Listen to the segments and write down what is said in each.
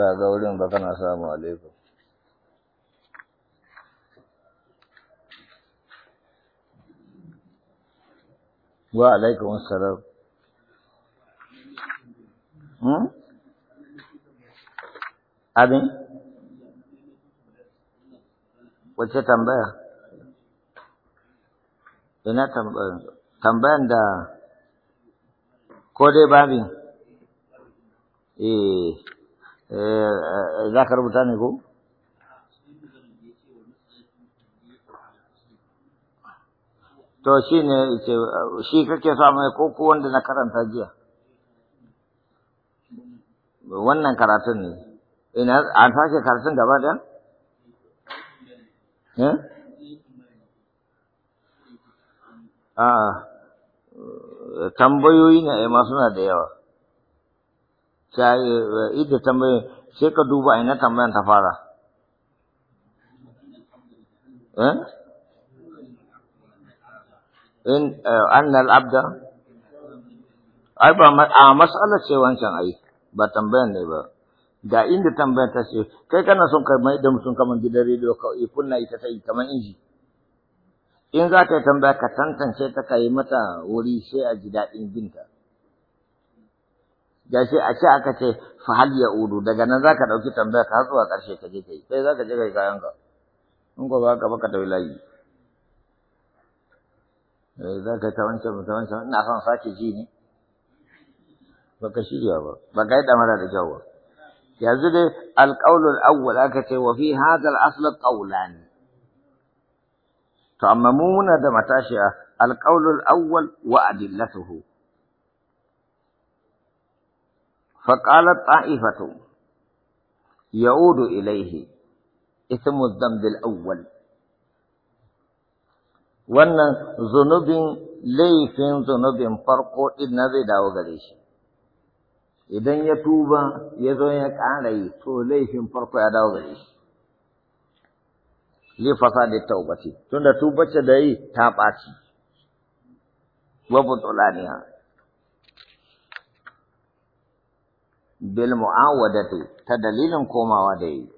ba ga wurin ba kana samu alaikum wa alaikum assalam hmm abin wace tambaya ina tambaya tambayan da ko dai babin eh Eh, za ka rubuta ne ko? To shi ne shi kake sa mai koko wanda na karanta jiya. Wannan karatun ne, ina an sake karatun gaba Eh? A tambayoyi na eh, ai suna da yawa. sai eh, ita tambaye sai ka duba ina tambayan ta fara eh? in eh, annal abda ai ba a matsalar ce wancan ai ba tambayan ne ba da inda tambayar ta ce kai kana son ka mai da mutum kamar gidan rediyo ka kunna ita ta yi kamar inji in za ka yi tambaya ka tantance ta ka yi mata wuri sai a ji daɗin binta da shi a ce aka ce fa hal ya udu daga nan zaka dauki tambaya ka zuwa karshe ka je kai sai zaka je kai kayan ka in ko ba ka baka da layi eh zaka ta wancan ta wancan ina son sake ji ne baka shirya ba baka yi damara da kyau ba yanzu dai alqaulul awwal aka ce wa fi hadha al-asl qawlan to amma mu muna da matashiya alqaulul awwal wa adillatuhu فقالت طائفة يعود إليه اسم الذنب الأول وأن ذنوب ليس ذنوب فرق إذ نزل وغريش إذا يتوب يزويك عليه تو ليس فرق إذ نزل لفساد التوبة تون توبة تدعي تاباتي وبطلانها bil mu'awadati ta dalilin komawa da yi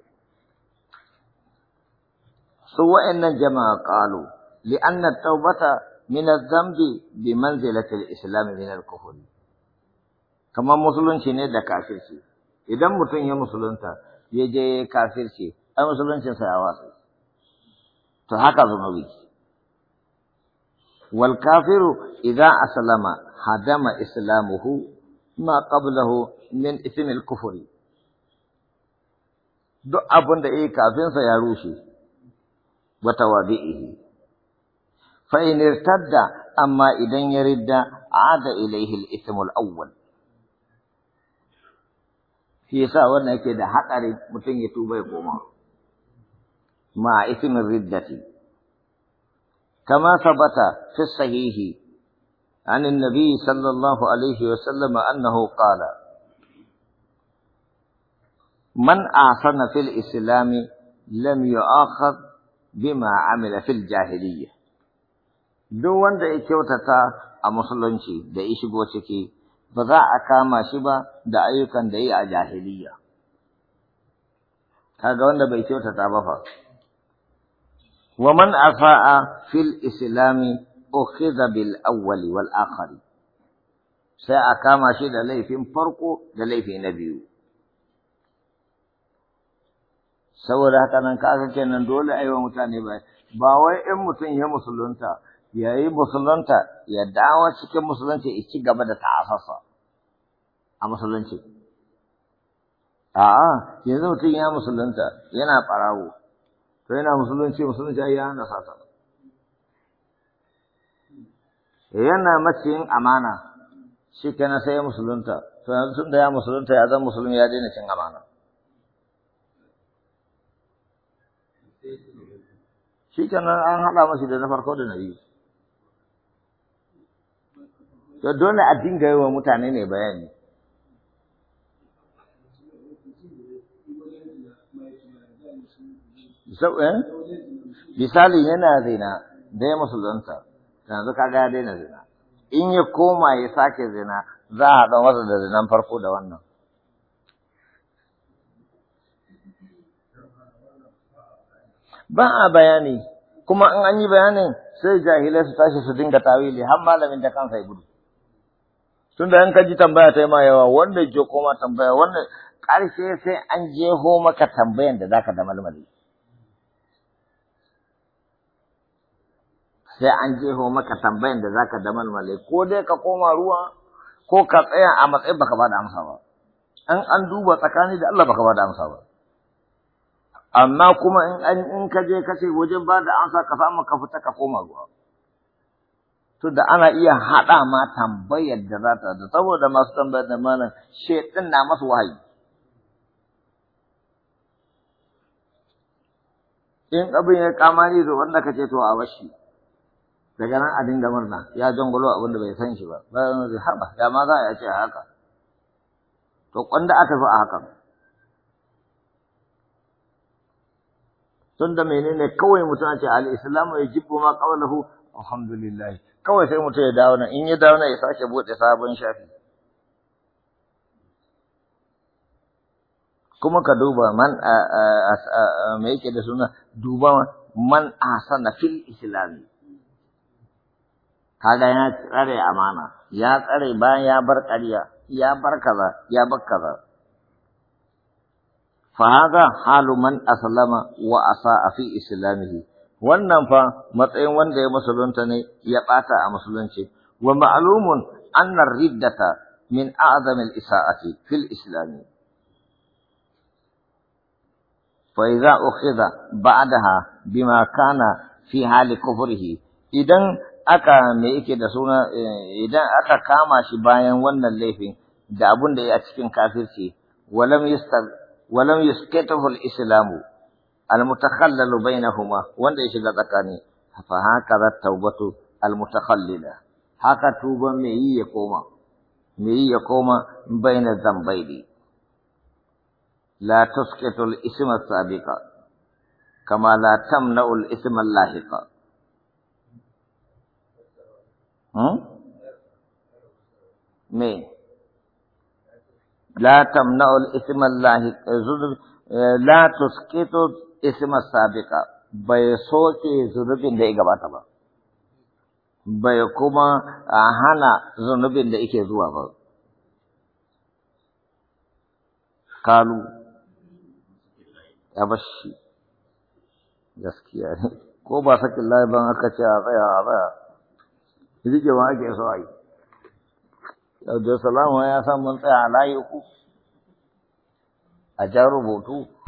su wa'annan jama'a qalu li anna tawbata min adh-dhanbi bi manzilati al-islam min al-kufr kamar musulunci ne da kafirci idan mutum ya musulunta ya je kafirci ai musuluncin sa ya watsa to haka zunubi wal kafiru idza aslama hadama islamuhu ما qablahu min ismil kufuri duk abin da yake kafin sa ya rushe wa tawabihi fa in irtadda amma idan ya ridda ada ilayhi al-ismul awwal shi yasa wannan yake da hatsari mutum ya tuba ya koma ma ismin riddati kama sabata fi sahihi عن النبي صلى الله عليه وسلم أنه قال من آخرنا في الإسلام لم يؤخذ بما عمل في الجاهلية دون ده كيوتتا أمسلنشي ده إيش بوشكي بضاء أكاما شبا ده أيوكا ده أجاهلية هذا وان ده بيكيوتتا بفا ومن أفاء في الإسلام Sai أخذ بالأول da laifin farko da laifi na biyu. saboda haka nan kaga kenan dole a yi wa mutane ba ba wai in mutum ya musulunta ya yi musulunta ya dawo cikin musulunci ya ci gaba da ta'asasa a musulunci a'a yanzu mutum ya musulunta yana ɓarawo to yana musulunci musulunci ya hana sata yana maciyin amana shi kenan sai ya musulunta yanzu tun da ya musulunta ya zan musulmi ya daina cin amana shi kenan an haɗa masu da na farko da na biyu to dole a dinga yi wa mutane ne bayani misali eh? yana zina da ya musulunta yanzu kaga ya daina zina in ya koma ya sake zina za a haɗa masa da zinan farko da wannan ba a bayani kuma in an yi bayanin sai jahilai su tashi su dinga tawili har malamin da kansa ya gudu tunda da ka ji tambaya ta yi ma yawa wanda je koma tambaya wanda ƙarshe sai an jeho maka tambayan da zaka da malmali sai an jeho maka tambayan da zaka malmale ko dai ka koma ruwa ko ka tsaya a matsayin baka bada amsa ba an an duba tsakani da Allah baka bada amsa ba amma kuma in an in ka je kace wajen bada amsa ka samu ka fita ka koma ruwa to da ana iya haɗa ma tambayar da za ta da saboda masu tambayar da malam shedin na masu wahayi in abin ya kamari da wanda kace to a bashi daga nan a dinga murna ya jangulo abin da bai san shi ba bayan zai haɓa ya ma za a ce haka to kwanda aka fi a hakan tunda menene kawai mutum a ce al ya jibbo ma qawluhu alhamdulillah kawai sai mutum ya dawo nan in ya dawo nan ya sake bude sabon shafi kuma ka duba man me yake da suna duba man sana fil islami kaga yana tsare amana ya tsare bayan ya bar ƙarya ya bar kaza ya bar kaza fa haza halu man aslama wa a fi islamihi wannan fa matsayin wanda ya musulunta ne ya bata a musulunci wa ma'lumun anna riddata min a'zamil isa'ati fil islami فإذا أخذ بعدها بما كان fi hali كفره idan. aka me yake da suna idan aka kama shi bayan wannan laifin da abun da yake cikin kafirci walam yustar walam yuskatahu al-islamu bainahuma wanda ya shiga tsakani fa da tawbatu almutakhallila haka tuba me yi ya koma me yi ya koma baina zambaidi la tuskitu al-isma sabiqa kama la tamna isma lahiqa Hmm? me la tamna'ul ismallahi eh, eh, la tusqitu isma sabiqa bai ke zunubin da ya gabata ba bai kuma hana zunubin da yake zuwa ba kalu ya bashi gaskiya ko ba sakin lai ban aka ce a tsaya a tsaya riƙewa ake so a yi Salamu ya san mun tsaya a layi uku a jan rubutu